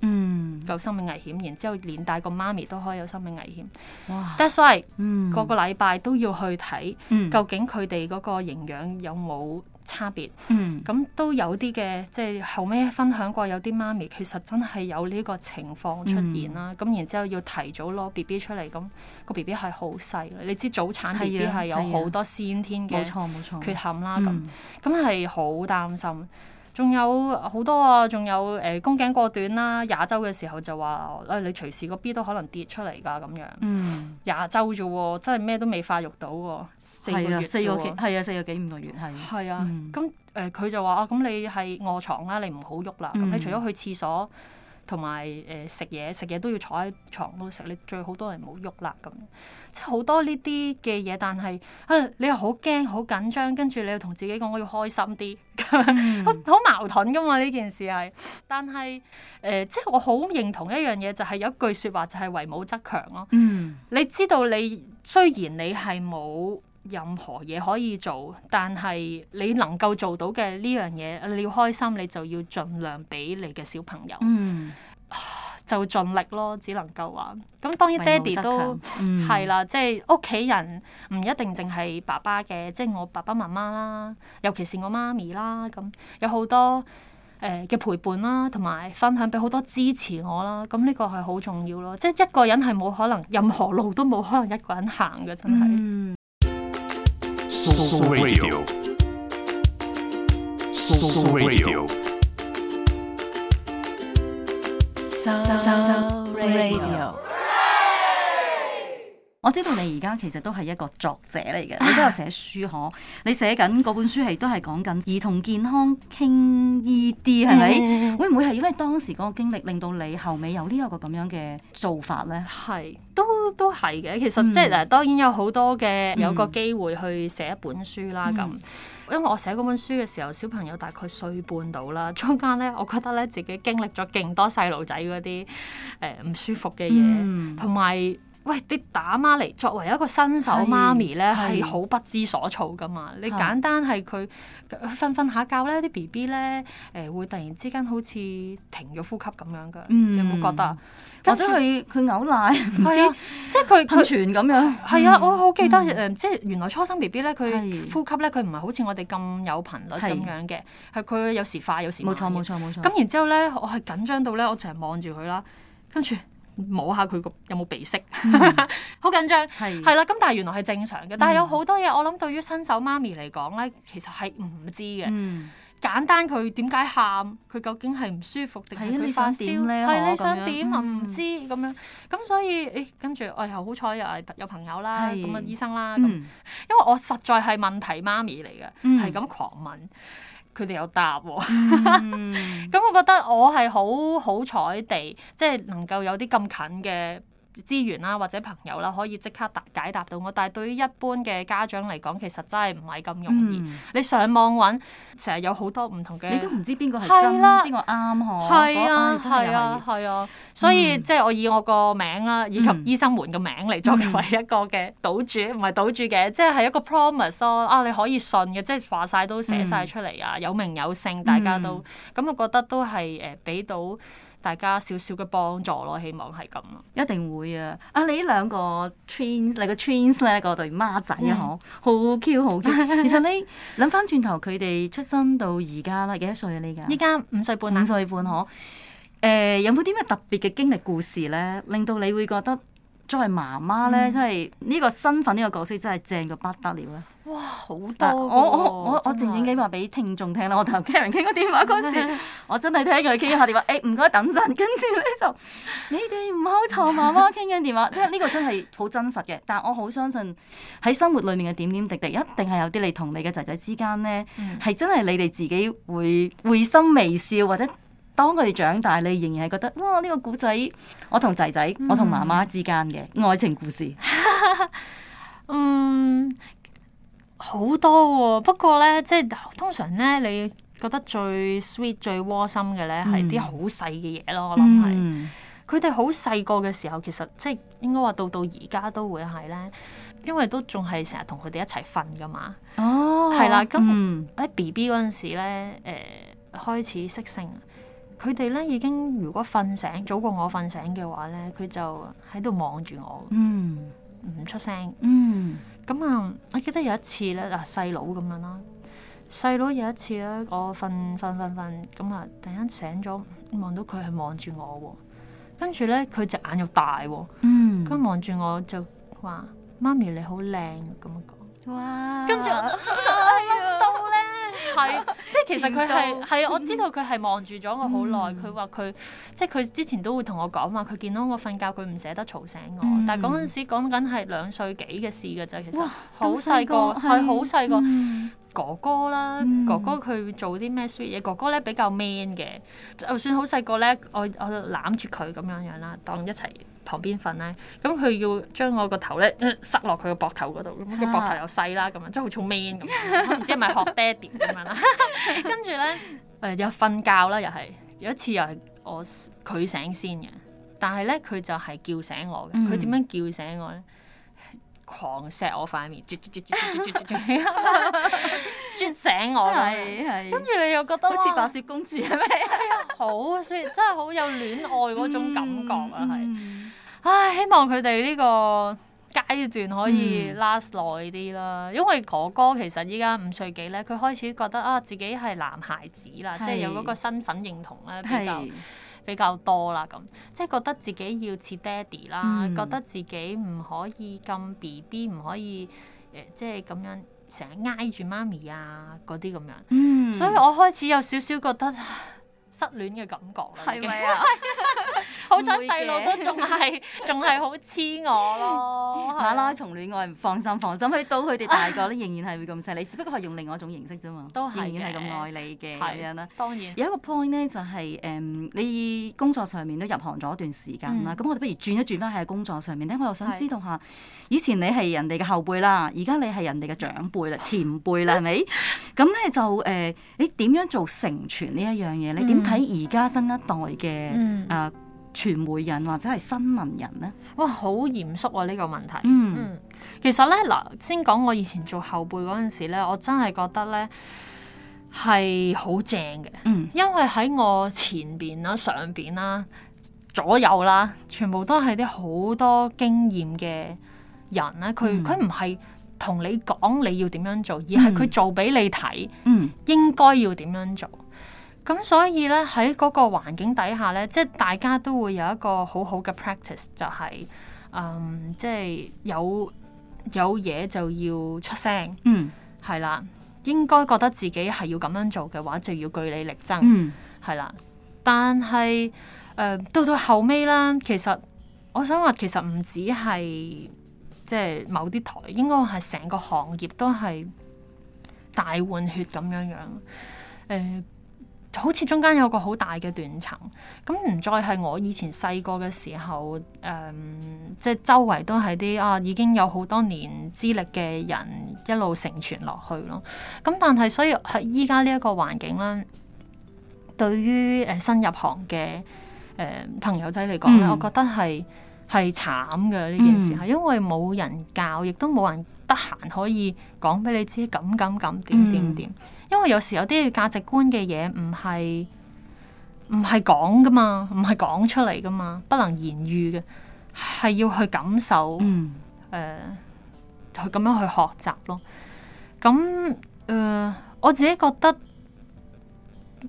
有生命危險。Mm. 然之後連帶個媽咪都可以有生命危險。Wow. That's why 個、mm. 個禮拜都要去睇，mm. 究竟佢哋嗰個營養有冇？差別，咁、嗯、都有啲嘅，即係後尾分享過有啲媽咪，其實真係有呢個情況出現啦，咁、嗯、然之後要提早攞 B B 出嚟，咁個 B B 係好細嘅，你知早產 B B 係有好多先天嘅缺陷啦，咁咁係好擔心。仲有好多啊！仲有誒，宮、呃、頸過短啦。廿周嘅時候就話，誒、哎、你隨時個 B 都可能跌出嚟㗎咁樣。廿周啫喎，真係咩都未發育到喎。啊、四個月、啊。四個幾？係啊，四個幾五個月係。係啊，咁誒佢就話啊，咁你係臥床啦，你唔好喐啦。咁、嗯、你除咗去廁所同埋誒食嘢，食嘢、呃、都要坐喺床度食。你最好都係唔好喐啦咁。即係好多呢啲嘅嘢，但係啊，你又好驚、好緊張，跟住你又同自己講我要開心啲，咁好、mm. (laughs) 矛盾噶嘛、啊？呢件事係，但係誒、呃，即係我好認同一樣嘢，就係、是、有一句說話就係為母則強咯。嗯，mm. 你知道你雖然你係冇任何嘢可以做，但係你能夠做到嘅呢樣嘢，你要開心，你就要盡量俾你嘅小朋友。嗯。Mm. 就盡力咯，只能夠話咁。當然爹哋都係啦，即係屋企人唔一定淨係爸爸嘅，即係我爸爸媽媽啦，尤其是我媽咪啦。咁有好多誒嘅、呃、陪伴啦，同埋分享，俾好多支持我啦。咁呢個係好重要咯，即係一個人係冇可能任何路都冇可能一個人行嘅，真係。嗯 so so 我知道你而家其實都係一個作者嚟嘅，你都有寫書可， (laughs) 你寫緊嗰本書係都係講緊兒童健康，傾依啲係咪？嗯、會唔會係因為當時嗰個經歷令到你後尾有呢一個咁樣嘅做法咧？係，都都係嘅。其實即係嗱，嗯、當然有好多嘅，有個機會去寫一本書啦，咁、嗯。那嗯因為我寫嗰本書嘅時候，小朋友大概歲半到啦，中間咧，我覺得咧自己經歷咗勁多細路仔嗰啲誒唔舒服嘅嘢，同埋、嗯。喂，啲打媽嚟，作為一個新手媽咪咧，係好不知所措噶嘛？你簡單係佢瞓瞓下覺咧，啲 B B 咧，誒會突然之間好似停咗呼吸咁樣噶，有冇覺得？或者佢佢嘔奶唔知，即係佢噴泉咁樣。係啊，我好記得誒，即係原來初生 B B 咧，佢呼吸咧，佢唔係好似我哋咁有頻率咁樣嘅，係佢有時快有時慢。冇錯冇錯冇錯。咁然之後咧，我係緊張到咧，我成日望住佢啦，跟住。摸下佢個有冇鼻息，好緊張，係啦。咁但係原來係正常嘅。但係有好多嘢，我諗對於新手媽咪嚟講咧，其實係唔知嘅。簡單佢點解喊，佢究竟係唔舒服定係佢發燒？係你想點啊？唔知咁樣。咁所以誒，跟住我又好彩又係有朋友啦，咁問醫生啦。咁，因為我實在係問題媽咪嚟嘅，係咁狂問。佢哋有答喎，咁我覺得我係好好彩地，即係能夠有啲咁近嘅。資源啦，或者朋友啦，可以即刻答、解答到我。但係對於一般嘅家長嚟講，其實真係唔係咁容易。嗯、你上網揾，成日有好多唔同嘅，你都唔知邊個係真，邊個啱？可係啊，係啊，係啊、啊、啊。所以、嗯、即係我以我個名啦，以及醫生們嘅名嚟作為一個嘅賭注，唔係賭注嘅，嗯、即係一個 promise 咯。啊，你可以信嘅，即係話晒都寫晒出嚟啊，嗯、有名有姓，大家都咁，嗯嗯、我覺得都係誒，俾到大家少少嘅幫助咯，希望係咁，一定會啊！阿你呢兩個 twins，你個 twins 咧，嗰對孖仔啊，嗬、嗯，好 Q 好 Q。 (laughs) 其實你諗翻轉頭，佢哋出生到而家啦，幾多歲啊你？你而家？依家五歲半，啊嗯、五歲半嗬。誒、呃，有冇啲咩特別嘅經歷故事咧，令到你會覺得？作為媽媽咧，嗯、真係呢個身份、呢個角色真係正到不得了咧！哇，好多我！我我的我我靜靜地話俾聽眾聽啦，我同 Karen 傾緊電話嗰時， (laughs) 我真係聽佢傾下電話，誒唔該等陣，跟住咧就你哋唔好嘈，媽媽傾緊電話，即係呢個真係好真實嘅。但係我好相信喺生活裡面嘅點點滴滴，一定係有啲你同你嘅仔仔之間咧，係、嗯、真係你哋自己會會心微笑或者。.當佢哋長大，你仍然係覺得哇！呢、這個古仔，我同仔仔，我同媽媽之間嘅愛情故事，嗯，好、 (laughs) 嗯、多、哦。不過咧，即係通常咧，你覺得最 sweet、最窩心嘅咧，係啲好細嘅嘢咯。嗯、我諗係佢哋好細個嘅時候，其實即係應該話到到而家都會係咧，因為都仲係成日同佢哋一齊瞓㗎嘛。哦，係啦，咁喺 B B 嗰陣時咧，誒、呃，開始識性。佢哋咧已經，如果瞓醒早過我瞓醒嘅話咧，佢就喺度望住我，唔出聲。嗯，咁啊，我記得有一次咧，嗱細佬咁樣啦，細佬有一次咧，我瞓瞓瞓瞓，咁啊，突然間醒咗，望到佢係望住我，跟住咧佢隻眼又大，嗯，跟住望住我就話：媽咪你好靚咁樣講。哇！跟住我就。哎係，即係其實佢係係我知道佢係望住咗我好耐。佢話佢即係佢之前都會同我講話，佢見到我瞓覺佢唔捨得吵醒我。嗯、但係嗰陣時講緊係兩歲幾嘅事嘅啫，其實好細個係好細個哥哥啦。哥哥佢做啲咩 sweet 嘢？哥哥咧比較 man 嘅，就算好細個咧，我我攬住佢咁樣樣啦，當一齊。旁邊瞓咧，咁佢要將我個頭咧塞落佢個膊頭嗰度，咁佢膊頭又細啦，咁樣，即係好似 man 咁，唔 (laughs) 知係咪、就是、學爹哋咁樣啦？ (laughs) (laughs) 跟住咧，誒又瞓覺啦，又係有一次又係我佢醒先嘅，但係咧佢就係叫醒我嘅，佢點、mm hmm. 樣叫醒我咧？狂錫我塊面，啜啜啜啜啜啜啜啜啜醒我啦！係係，跟住你又覺得 (laughs) 好似白雪公主係咩？好、 (laughs) 哎，所以真係好有戀愛嗰種感覺啊！係、嗯，唉，希望佢哋呢個階段可以 last 耐啲啦，因為哥哥其實依家五歲幾咧，佢開始覺得啊，自己係男孩子啦，是 即係有嗰個身份認同啦，比較。比較多啦咁，即係覺得自己要似爹哋啦，嗯、覺得自己唔可以咁 BB，唔可以誒、呃，即係咁樣成日挨住媽咪啊嗰啲咁樣。媽媽啊樣嗯、所以我開始有少少覺得，失戀嘅感覺啦，係咪？已經好彩細路都仲係仲係好黐我咯。馬拉松戀愛唔放心，放心去到佢哋大個咧，仍然係會咁錫你，只不過係用另外一種形式啫嘛。仍然係咁愛你嘅咁樣啦。當然有一個 point 咧，就係誒你工作上面都入行咗一段時間啦。咁我哋不如轉一轉翻喺工作上面咧，我又想知道下，以前你係人哋嘅後輩啦，而家你係人哋嘅長輩啦、前輩啦，係咪？咁咧就誒，你點樣做承傳呢一樣嘢？你點？喺而家新一代嘅誒、嗯啊、傳媒人或者係新聞人咧，哇，好嚴肅啊！呢、呢個問題，嗯，嗯，其實咧嗱，先講我以前做後輩嗰陣時咧，我真係覺得咧係好正嘅，嗯，因為喺我前邊啦、上邊啦、左右啦，全部都係啲好多經驗嘅人咧，佢佢唔係同你講你要點樣做，而係佢做俾你睇，嗯，嗯，應該要點樣做。咁所以咧喺嗰個環境底下咧，即係大家都會有一個好好嘅 practice，就係、是、嗯，即係有有嘢就要出聲，嗯，係啦。應該覺得自己係要咁樣做嘅話，就要據理力爭，嗯，係啦。但係誒、呃，到到後尾啦，其實我想話，其實唔止係即係某啲台，應該話係成個行業都係大換血咁樣樣，誒、呃。好似中間有個好大嘅斷層，咁唔再係我以前細個嘅時候，誒、嗯，即係周圍都係啲啊已經有好多年資歷嘅人一路承傳落去咯。咁但係所以喺依家呢一個環境啦，對於誒新入行嘅誒、呃、朋友仔嚟講咧，嗯、我覺得係係慘嘅呢、嗯、件事，係因為冇人教，亦都冇人得閒可以講俾你知咁咁咁點點點。因為有時有啲價值觀嘅嘢，唔係唔係講噶嘛，唔係講出嚟噶嘛，不能言喻嘅，係要去感受，誒、嗯呃、去咁樣去學習咯。咁誒、呃，我自己覺得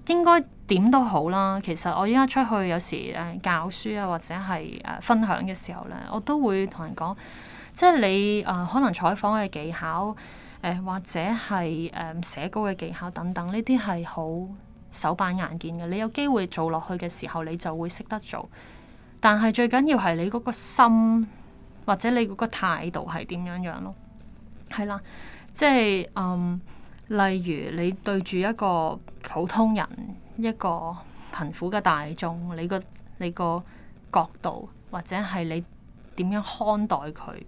應該點都好啦。其實我依家出去有時誒教書啊，或者係誒分享嘅時候咧，我都會同人講，即係你誒、呃、可能採訪嘅技巧。誒或者係誒寫稿嘅技巧等等，呢啲係好手板眼見嘅。你有機會做落去嘅時候，你就會識得做。但係最緊要係你嗰個心，或者你嗰個態度係點樣樣咯。係啦，即係嗯，例如你對住一個普通人、一個貧苦嘅大眾，你個你個角度或者係你點樣看待佢？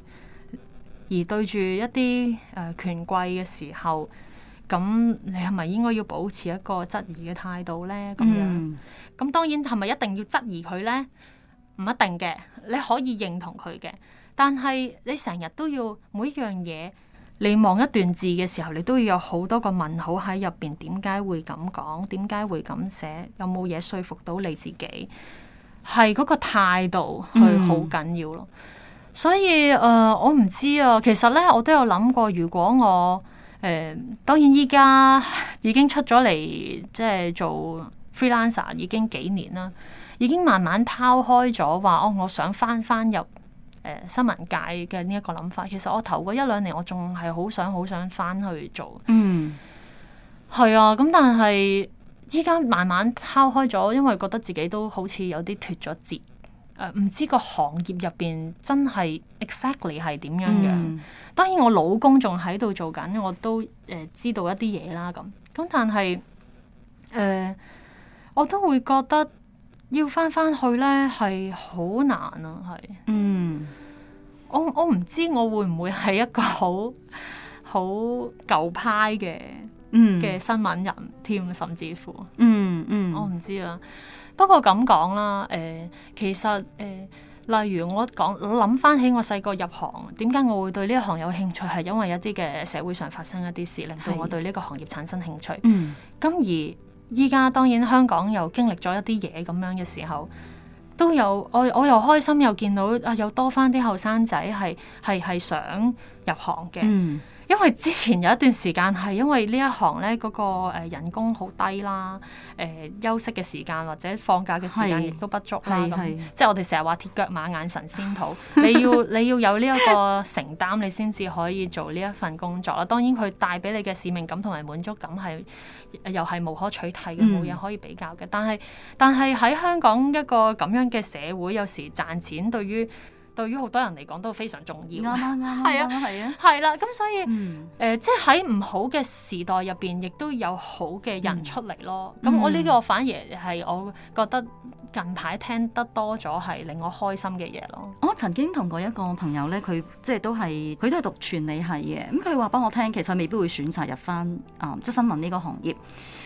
而對住一啲誒、呃、權貴嘅時候，咁你係咪應該要保持一個質疑嘅態度呢？咁樣咁、嗯、當然係咪一定要質疑佢呢？唔一定嘅，你可以認同佢嘅，但係你成日都要每一樣嘢，你望一段字嘅時候，你都要有好多個問號喺入邊，點解會咁講？點解會咁寫？有冇嘢說服到你自己？係嗰個態度去好緊要咯。嗯。所以誒、呃，我唔知啊。其實咧，我都有諗過，如果我誒、呃，當然依家已經出咗嚟，即係做 freelancer 已經幾年啦，已經慢慢拋開咗話，哦，我想翻翻入誒、呃、新聞界嘅呢一個諗法。其實我頭嗰一兩年我，我仲係好想好想翻去做。嗯，係啊。咁但係依家慢慢拋開咗，因為覺得自己都好似有啲脫咗節。誒，唔知個行業入邊真係 exactly 係點樣樣？嗯、當然我老公仲喺度做緊，我都誒、呃、知道一啲嘢啦咁。咁但係誒、呃，我都會覺得要翻翻去咧係好難啊，係。嗯，我我唔知我會唔會係一個好好舊派嘅，嘅、嗯、新聞人添，甚至乎，嗯嗯，嗯我唔知啊。不過咁講啦，誒、呃、其實誒、呃，例如我講，我諗翻起我細個入行，點解我會對呢一行有興趣，係因為一啲嘅社會上發生一啲事，令到我對呢個行業產生興趣。嗯是，咁而依家當然香港又經歷咗一啲嘢咁樣嘅時候，都有我我又開心又見到啊，又多翻啲後生仔係係係想入行嘅。嗯。因為之前有一段時間係因為呢一行咧嗰、嗰個、呃、人工好低啦，誒、呃、休息嘅時間或者放假嘅時間亦都不足啦咁。即係我哋成日話鐵腳馬眼神仙肚， (laughs) 你要你要有呢一個承擔，你先至可以做呢一份工作啦。當然佢帶俾你嘅使命感同埋滿足感係又係無可取替嘅，冇嘢、嗯、可以比較嘅。但係但係喺香港一個咁樣嘅社會，有時賺錢對於對於好多人嚟講都非常重要，啱啱啱，係啊，係啊，係啦、啊，咁、 (laughs) 啊、所以誒、嗯呃，即係喺唔好嘅時代入邊，亦都有好嘅人出嚟咯。咁、嗯、我呢個反而係我覺得近排聽得多咗，係令我開心嘅嘢咯。我曾經同過一個朋友咧，佢即係都係佢都係讀傳理系嘅，咁佢話俾我聽，其實未必會選擇入翻啊、嗯，即係新聞呢個行業。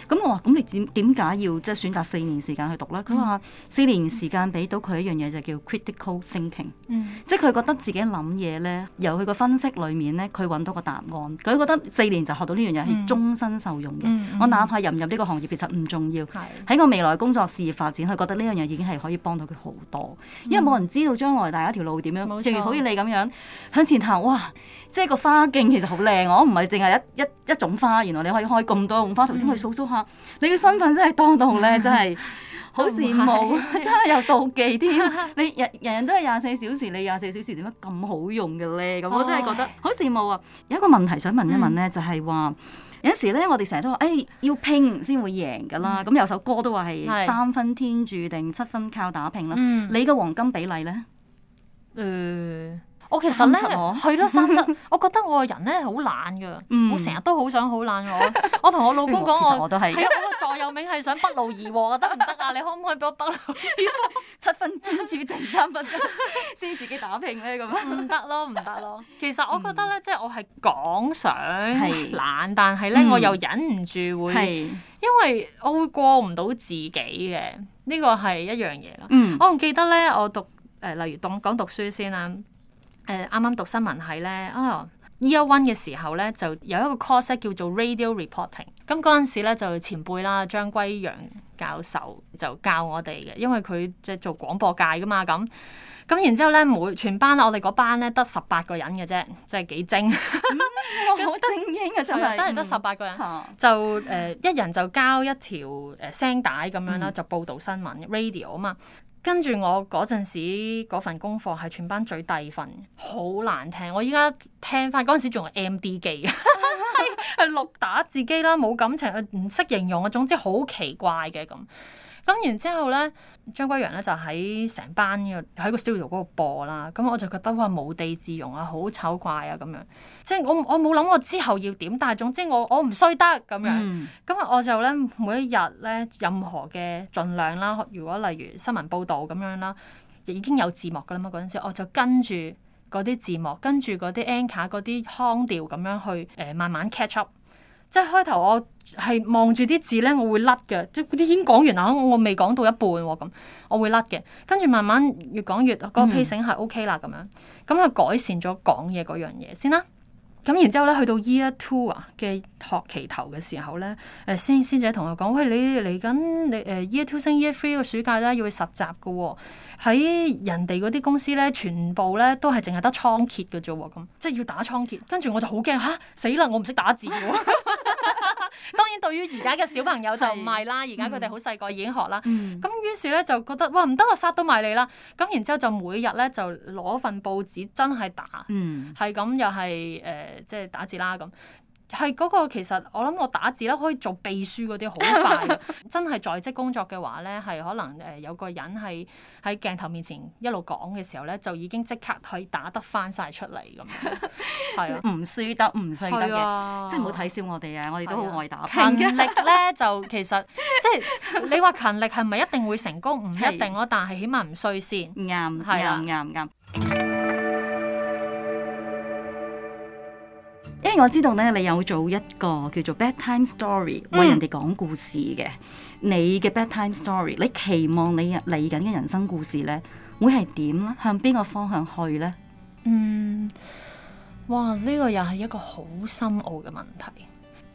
咁我話：咁、嗯嗯、你點點解要即係選擇四年時間去讀咧？佢話四年時間俾到佢一樣嘢就叫 critical thinking，、嗯、即係佢覺得自己諗嘢咧，由佢個分析裡面咧，佢揾到個答案。佢覺得四年就學到呢樣嘢係終身受用嘅。嗯嗯、我哪怕入唔入呢個行業，其實唔重要，喺我的未來工作事業發展，佢覺得呢樣嘢已經係可以幫到佢好多。因為冇人知道將來大家條路點、嗯、樣，譬如好似你咁樣向前睇，哇！即係個花徑其實好靚，我唔係淨係一一一種花，原來你可以開咁多種花。頭先佢數你嘅身份真係噹噹咧， (laughs) 真係好羨慕，真係有妒忌添。 (laughs) 你人人人都係廿四小時，你廿四小時點解咁好用嘅咧？咁、哦、我真係覺得好羨慕啊！有一個問題想問一問咧，嗯、就係話有時咧，我哋成日都話，誒、哎、要拼先會贏噶啦。咁有首歌都話係三分天注定，是七分靠打拼啦。嗯、你嘅黃金比例咧？誒、嗯。我其實咧係咯，三七。我覺得我個人咧好懶噶，懶嗯、我成日都好想好懶我。我同我老公講， (laughs) 我係啊，我個座右銘係想不勞而獲，得唔得啊？你可唔可以俾我不勞而獲七分專注，定三分心先自己打拼咧？咁樣唔得咯，唔得咯。其實我覺得咧，嗯、即係我係講想懶是，但係咧、嗯、我又忍唔住會，是因為我會過唔到自己嘅。呢個係一樣嘢咯。嗯、我仲記得咧，我讀誒，例如讀講讀書先啦。誒啱啱讀新聞係咧啊 Year One 嘅時候咧，就有一個 course 咧叫做 radio reporting。咁嗰陣時咧就前輩啦，嗯、張圭陽教授就教我哋嘅，因為佢即係做廣播界噶嘛，咁。咁然之後咧，每全班我哋嗰班咧得十八個人嘅啫，即係幾精，咁好、嗯、 (laughs) 有精英嘅真係，得十八個人，嗯、就誒、呃、一人就交一條誒聲帶咁樣啦，嗯、 (laughs) 就報導新聞 radio 啊嘛。跟住我嗰陣時嗰份功課係全班最低份，好難聽。我依家聽翻嗰陣時仲係 MD 機，係 (laughs) 錄打字機啦，冇感情，唔識形容啊，總之好奇怪嘅咁。咁然之後呢？張圭陽咧就喺成班嘅喺個 studio 嗰度播啦，咁我就覺得哇無地自容啊，好醜怪啊咁樣，即係我我冇諗我之後要點，但係總之我我唔衰得咁樣，咁、嗯、我就咧每一日咧任何嘅儘量啦，如果例如新聞報導咁樣啦，已經有字幕噶啦嘛嗰陣時，我就跟住嗰啲字幕，跟住嗰啲 anchor 嗰啲腔調咁樣去誒、呃、慢慢 catch up，即係開頭我。係望住啲字咧，我會甩嘅，即係嗰啲已經講完啦，我未講到一半咁。哦，我會甩嘅。跟住慢慢越講越，嗰、那個 pacing 係 O K 啦，咁、嗯、樣咁啊改善咗講嘢嗰樣嘢先啦。咁然之後咧，去到 year two 啊嘅學期頭嘅時候咧，誒師兄師姐同我講，喂，你嚟緊你誒、呃、year two 升 year three 個暑假咧要去實習噶喎，喺人哋嗰啲公司咧，全部咧都係淨係得倉頡嘅啫，咁即係要打倉頡。跟住我就好驚吓死啦，我唔識打字。 (laughs) (laughs) (laughs) 當然，對於而家嘅小朋友就唔係啦，而家佢哋好細個已經學啦。咁、嗯、於是咧就覺得哇唔得啊，殺到埋你啦！咁然之後就每日咧就攞份報紙真係打，係咁、嗯、又係誒即係打字啦咁。係嗰個其實我諗我打字咧可以做秘書嗰啲好快， (laughs) 真係在職工作嘅話咧，係可能誒有個人係喺鏡頭面前一路講嘅時候咧，就已經即刻可以打得翻晒出嚟咁樣，係啊，唔 (laughs) 輸得唔衰得嘅，啊、即係唔好睇笑我哋啊！我哋都好愛打、啊、勤力咧，就其實 (laughs) 即係你話勤力係咪一定會成功？唔一定咯、啊，是但係起碼唔衰先，啱啱啱啱。因為我知道咧，你有做一個叫做 bedtime story，、嗯、為人哋講故事嘅。你嘅 bedtime story，你期望你嚟緊嘅人生故事咧，會係點咧？向邊個方向去咧？嗯，哇！呢、這個又係一個好深奧嘅問題。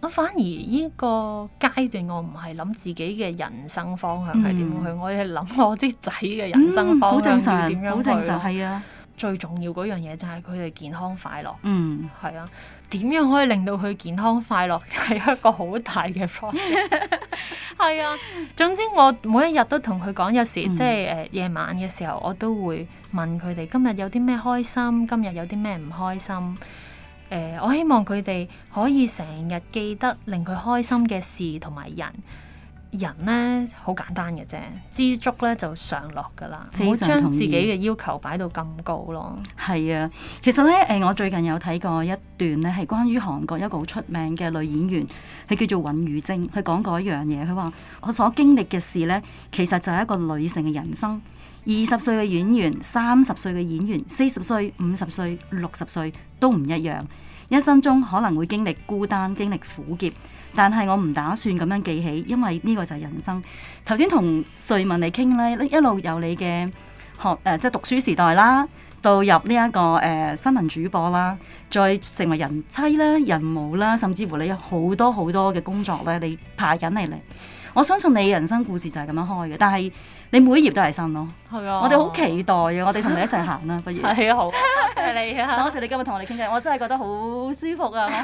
我反而呢個階段，我唔係諗自己嘅人生方向係點去，嗯、我係諗我啲仔嘅人生方向、嗯、要點樣去。好正常、好正常係啊，最重要嗰樣嘢就係佢哋健康快樂。嗯，係啊。點樣可以令到佢健康快樂係一個好大嘅課題，係 (laughs) (laughs) 啊！總之我每一日都同佢講，有時、嗯、即係誒、呃、夜晚嘅時候，我都會問佢哋今日有啲咩開心，今日有啲咩唔開心。誒、呃，我希望佢哋可以成日記得令佢開心嘅事同埋人。人咧好簡單嘅啫，知足咧就常樂㗎啦，唔好將自己嘅要求擺到咁高咯。係啊，其實咧，誒，我最近有睇過一段咧，係關於韓國一個好出名嘅女演員，佢叫做尹汝貞。佢講過一樣嘢，佢話我所經歷嘅事咧，其實就係一個女性嘅人生。二十歲嘅演員，三十歲嘅演員，四十歲、五十歲、六十歲都唔一樣。一生中可能會經歷孤單，經歷苦澀。但係我唔打算咁樣記起，因為呢個就係人生。頭先同瑞文你傾咧，一路由你嘅學誒、呃、即係讀書時代啦，到入呢、這、一個誒、呃、新聞主播啦，再成為人妻啦、人母啦，甚至乎你有好多好多嘅工作咧，你排緊嚟嚟。我相信你人生故事就係咁樣開嘅，但係你每一頁都係新咯。係啊！我哋好期待啊，我哋同你一齊行啦，不如。 (laughs) 好，多謝你啊！多 (laughs) 謝你今日同我哋傾偈，我真係覺得好舒服啊！ (laughs)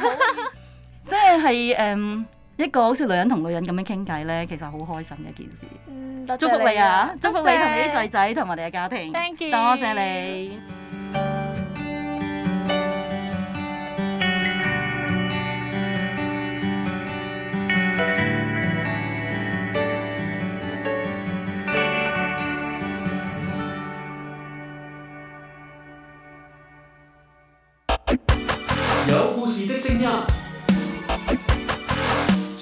即係誒一個好似女人同女人咁樣傾偈咧，其實好開心嘅一件事。嗯，祝福你啊！謝祝福你同你啲仔仔同埋你嘅家庭。Thank you，多謝你。有故事嘅聲音。